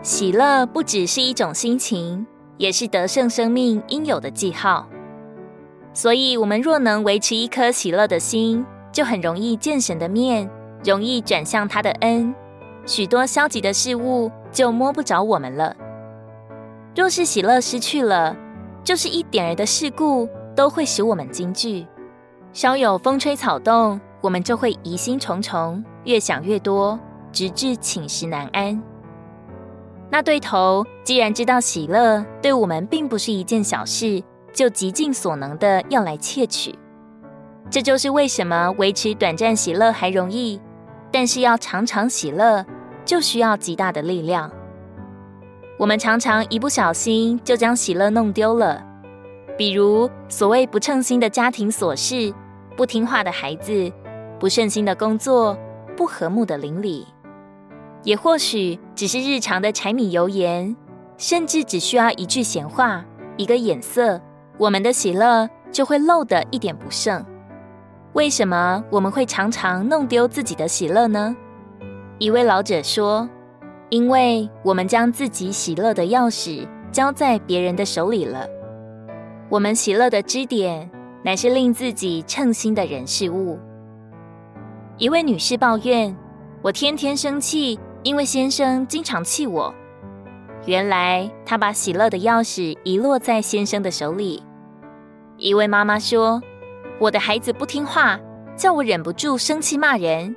喜樂不只是一種心情，也是得勝生命應有的記號。所以，我們若能維持一顆喜樂的心，就很容易見神的面，容易轉向他的恩。許多消極的事物就摸不着我們了。若是喜樂失去了，就是一點兒的事故都會使我們驚懼；稍有風吹草動，我們就會疑心重重，越想越多，直至寢食難安。那對頭，既然知道喜樂對我們並不是一件小事，就極盡所能的要來竊取。這就是為什麼維持短暫喜樂還容易，但是要常常喜樂就需要極大的力量。我們常常一不小心就將喜樂弄丟了，比如所謂不稱心的家庭瑣事、不聽話的孩子、不順心的工作、不和睦的鄰里。也或許只是日常的柴米油鹽，甚至只需要一句閒話、一個眼色，我們的喜樂就會漏得一點不剩。為什麼我們會常常弄丟自己的喜樂呢？一位老者說：“因為我們將自己喜樂的鑰匙交在別人的手裡了。我們喜樂的支點乃是令自己稱心的人事物。”一位女士抱怨：“我天天生氣。”因為先生經常氣我，原來他把喜樂的鑰匙遺落在先生的手裡。一位媽媽說：“我的孩子不聽話，叫我忍不住生氣罵人。”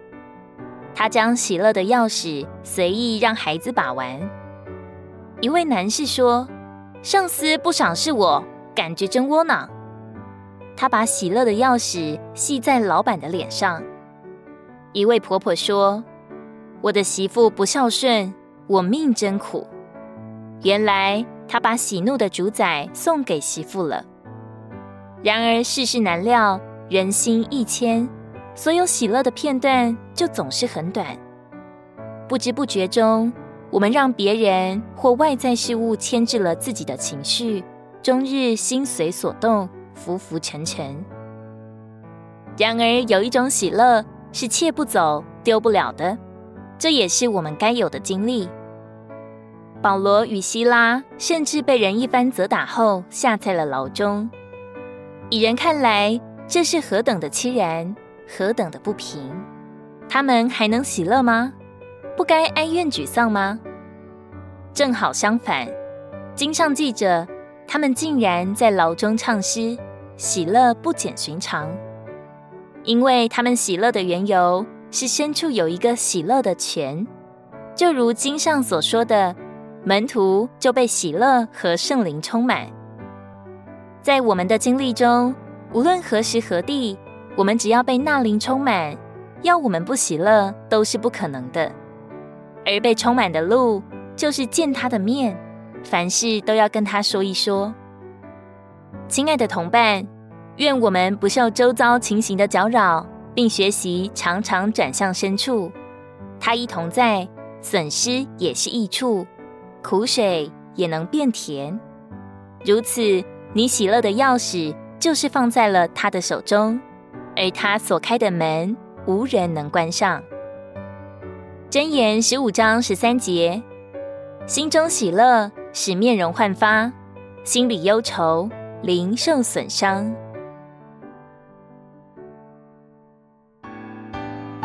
他將喜樂的鑰匙隨意讓孩子把玩。一位男士說：“上司不賞識我，感覺真窩囊。”他把喜樂的鑰匙繫在老板的臉上。一位婆婆說。我的媳婦不孝順，我命真苦。原來他把喜怒的主宰送給媳婦了。然而世事難料，人心易遷，所有喜樂的片段就總是很短。不知不覺中，我們讓別人或外在事物牽制了自己的情緒，終日心隨所動，浮浮沉沉。然而有一種喜樂是竊不走、丟不了的。這也是我們該有的經歷。保羅與希拉甚至被人一番責打後，下在了牢中。以人看來，這是何等的淒然，何等的不平。他們還能喜樂嗎？不該哀怨沮喪嗎？正好相反，經上記着，他們竟然在牢中唱詩，喜樂不減尋常。因為他們喜樂的緣由，是深處有一個喜樂的泉，就如經上所說的，門徒就被喜樂和聖靈充滿。在我們的經歷中，無論何時何地，我們只要被那靈充滿，要我們不喜樂都是不可能的。而被充滿的路，就是見他的面，凡事都要跟他說一說。親愛的同伴，願我們不受周遭情形的攪擾。並學習常常轉向深處，他一同在，損失也是益處，苦水也能變甜。如此，你喜樂的鑰匙就是放在了他的手中，而他所開的門，無人能關上。箴言十五章十三節：心中喜樂，使面容煥發；心裡憂愁，靈受損傷。